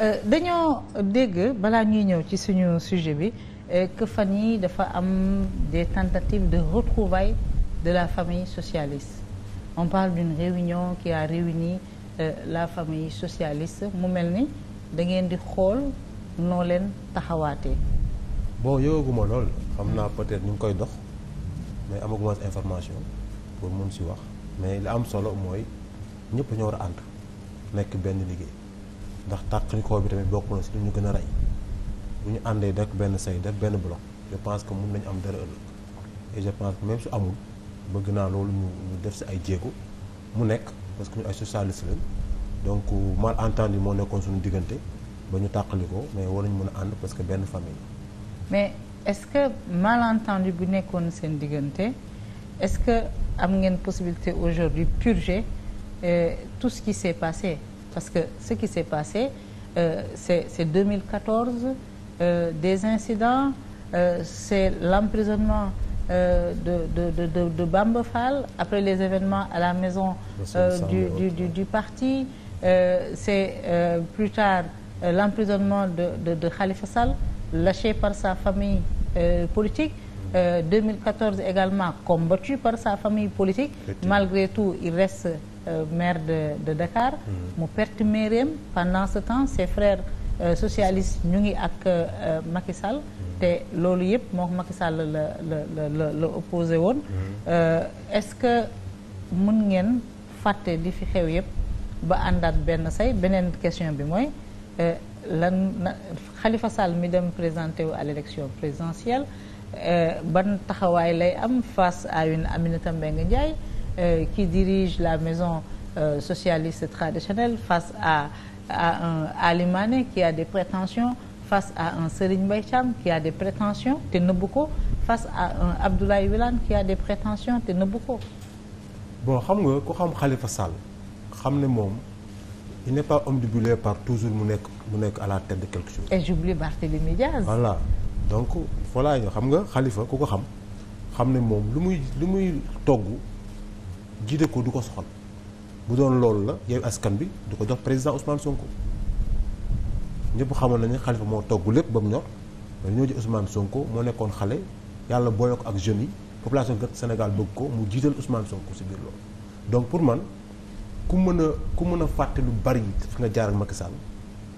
Euh, dañoo dégg balaa ñuy ñëw ci suñu sujet bi euh, que fan yi dafa am des tentatives de retrouvailles de la famille socialiste on parle d'une réunion qui a réuni euh, la famille socialiste mu mel ni da ngeen di xool noo leen taxawaatee bon yëgaguma lool xam naa peut-être ñu ngi koy dox may amaguma information pour mun si wax mais li am solo mooy ñëpp ñu war a ànd nekk benn liggéey ndax tàqalikoo bi tamit bokk na si lu gën a rey bu ñu àndee def benn say def benn bloc je pense que mun nañu am dara ëllëg et je pense que su amul bëgg naa loolu ñu ñu def si ay jéego mu nekk parce que ñu ay socialiste lañ donc malentendu moo nekkoon suñu diggante ba ñu tàqalikoo mais war nañu mën a ànd parce que benn famille mais est-ce que malentendu bu nekkoon seen diggante est-ce que am ngeen possibilité aujourd'hui purger euh, tout ce qui s'est passé parce que ce qui s'est passé euh, c'est c'est 2014 euh, des incidents euh, c'est l'emprisonnement euh, de de de de de Bamba Fall après les événements à la maison euh, du du du du parti euh, c'est plus tard l'emprisonnement de de de Khalifa Sall lâché par sa famille politique Euh, 2014 également combattu par sa famille politique. malgré tout il reste Euh, maire de de Dakar. Mm-hmm. mu perte maireem pendant ce temps ses frères euh, socialistes ñu ngi ak euh, Macky Sall. Mm-hmm. te loolu yëpp moo Macky Sall la la la la woon. Mm-hmm. est-ce que mën ngeen fàtte li fi xew yëpp ba àndaat benn say beneen question bi mooy. lan xalifa Khalifa Sall mi dem présenté wu à l'élection présidentielle ban taxawaay lay am face à une Aminata Mbengue Ndiaye euh, qui dirige la maison euh, socialiste traditionnelle face à, à un Ali a des prétentions face à un Serigne Mbaye Thiam qui a des prétentions te nëbbu ko face à un Abdoulaye Wilane a des prétentions te nëbbu ko bon xam nga ko xam Khalifa Sall xam ne moom il n'est pas omnibulé par toujours mu nekk mu nekk à la tête de quelque chose. et j'oublie Barthélémy Diaz. voilà donc voilà xam nga xalifa ku ko xam xam ne moom lu muy lu muy togg. jiite ko du ko soxal bu doon loolu la yow askan bi du ko jox président Ousmane Sonko ñëpp xamoon nañu ne moo togg lépp ba mu ñor dañoo ji Ousmane Sonko moo nekkoon xale yàlla boole ko ak jeunes yi population gat Sénégal bëgg ko mu jiital Ousmane Sonko si biir loolu. donc pour man ku mën a ku mën a fàtte lu bari fi nga jaar ak Macky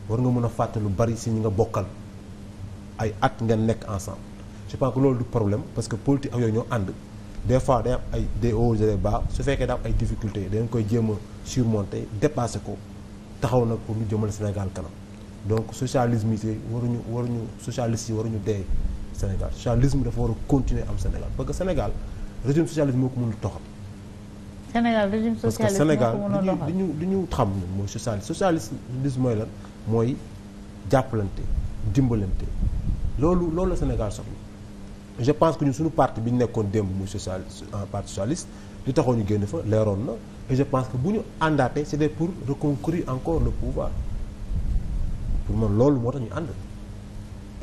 war nga mën a fàtte lu bari si ñu nga bokkal ay at ngeen nekk ensemble je pense que loolu du problème parce que politique ak yooyu ñoo ànd. des fois day am ay des hauts et su fekkee daa ay difficultés dañ koy jéem a surmonter dépasser ko taxaw nag pour ñu jëmal Sénégal kanam donc socialisme yi waruñu waruñu socialiste yi waruñu dee Sénégal socialisme dafa war a continuer am Sénégal parce que Sénégal régime socialiste moo ko mën a toxal. Sénégal li ñu li ñu xam mooy socialiste socialisme mooy lan mooy jàppalante dimbalante loolu loolu la Sénégal soxla. je pense que ñun suñu parti bi ñu nekkoon démb muy social en euh, parti socialiste li taxoon ñu génn fa leeroon na je pense que bu ñu àndaatee c'était pour reconquérir encore le pouvoir pour man loolu moo tax ñu ànd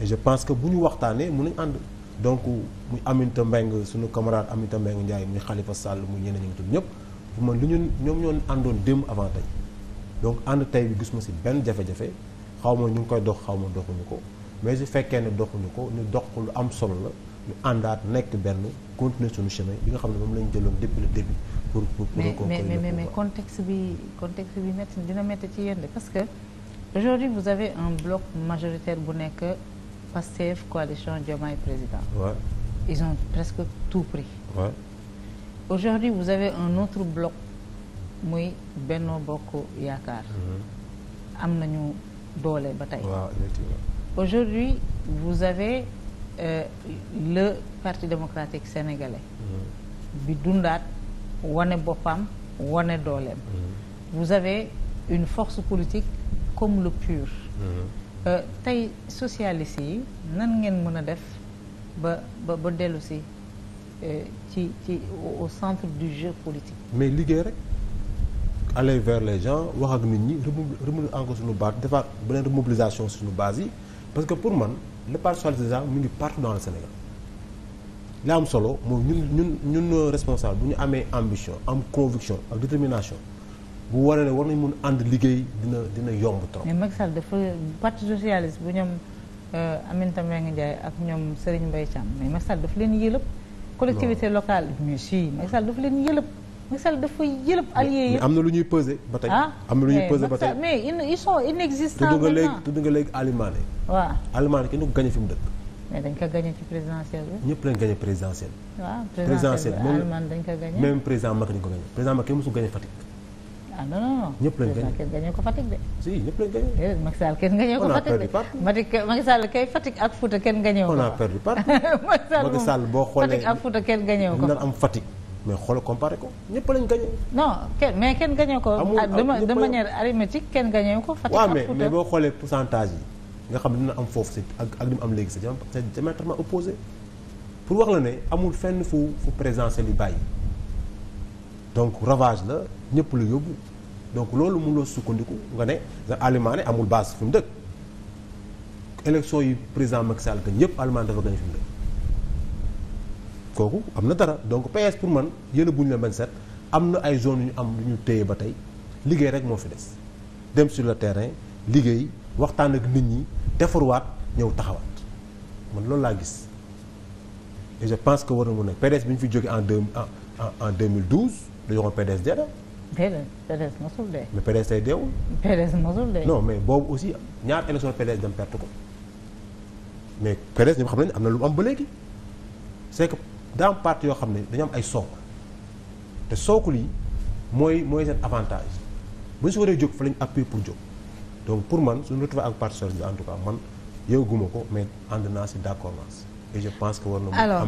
je pense que bu ñu waxtaanee mun nañu ànd donc muy Aminata Mbengue suñu camarade Aminata Mbengue Ndiaye muy Khalifa sàll muy ñeneen ñu ngi tudd ñëpp ma man lu ñu ñoom ñoo àndoon démb avant tey donc ànd tey bi gis ma si benn jafe-jafe xaw ma ñu ngi koy dox xaw ma doxuñu ko mais su fekkee ne doxuñu ko ñu dox lu am solo la ñu àndaat nekk benn continuer suñu chemin bi nga xam ne moom la ñu jëloon depuis le début. pour pour pour mais mais mais, mais, mais contexte bi contexte bi métti dina métti ci yéen de parce que aujourd'hui vous avez un bloc majoritaire bu nekk Pastef coalition Diomaye président. Ouais. ils ont presque tout pris. Ouais. aujourd'hui vous avez un autre bloc muy Benno Bokk Yaakaar. Mm-hmm. am nañu doole ba tey. waaw aujourd'hui vous avez. euh, le parti démocratique sénégalais mm-hmm. bi dundaat wane boppam wane dooleem mm-hmm. vous avez une force politique comme le pure mm-hmm. euh, tey socialiste yi nan ngeen mën a def ba ba ba dellu si euh, ci ci au centre du jeu politique mais liggéey rek aller vers le gens wax ak nit ñi remou remou encore suñu base defaat beneen remobilisation suñu baas yi parce que pour man le parti socialiste déjà mu ngi partout dans le am solo mooy ñun ñun ñun responsable bu ñu amee ambition am conviction ak détermination bu waree war nañ mun ànd liggéey dina dina yomb trop. mais Macky Sall dafa parti socialiste bu ñoom euh, Aminata Mbengue Ndiaye ak ñoom Serigne Mbaye Thiam mais Macky Sall dafa leen yëlëb collectivité locale mais si Macky dafa leen yëlëb. Sall dafa yëlëb allié yi. am na lu ñuy peser ba tey. Ah, am na lu ñuy peser ba mais ils sont inexistants. tudd nga léegi tudd nga léegi Alimane. waaw Alimane kenn ko gagné fi mu dëkk. mais dañ ko gagné présidentielle bi. ñëpp lañ gagné présidentielle. waaw présidentielle bi dañ ko gagné même président Macky dañ ko gagné président Macky mosul gagné Fatick. ah non non non ko Fatick de. si ñëpp lañ gagné. déedéet Macky kenn gagné ko Fatick de. Macky Sall kenn gagné ko. on a perdu partout boo xoolee Fatick ak ko. ñu naan am mais xool comparé ko ñëpp lañ gagné. non kenn mais kenn gagné ko. amul ah, de manière arithmétique kenn gagné ko. Fatick ak Fouta waaw mais mais boo xoolee pourcentage yi nga xam ne dina am foofu si ak ak mu am léegi c'est c'est diamétralement opposé pour wax la ne amul fenn fu fu présidentiel yi bàyyi donc ravage la ñëpp lu yóbbu donc loolu mënuloo sukkandiku nga ne Alioune amul base fi mu dëkk élection yi président Macky Sall que ñëpp Alioune dafa gagné fi mu kooku am na dara donc PS pour man yële bu ñu la 27 am na ay zones yu ñu am lu ñu téye ba tey liggéey rek moo fi des dem sur le terrain liggéey waxtaan ak nit ñi defarwaat ñëw taxawaat man loolu laa gis et je pense que war na mun a bi ñu fi jógee en deux en en 2012 dañoo xam PDS dee na. déedéet PDS mosul dee. mais PDS mais boobu aussi ñaar élection PDS dem perte ko mais PDS ñoom xam nañu am na lu am ba léegi c'est que. daa am yoo xam ne dañu am ay sook te sookul yi mooy mooy seen avantage bu ñu si waree jóg fa la ñu pour jóg donc pour man su suñu retrouvé ak parti socialiste en tout cas man yow ko mais ànd naa si d' accord et je pense que war na. am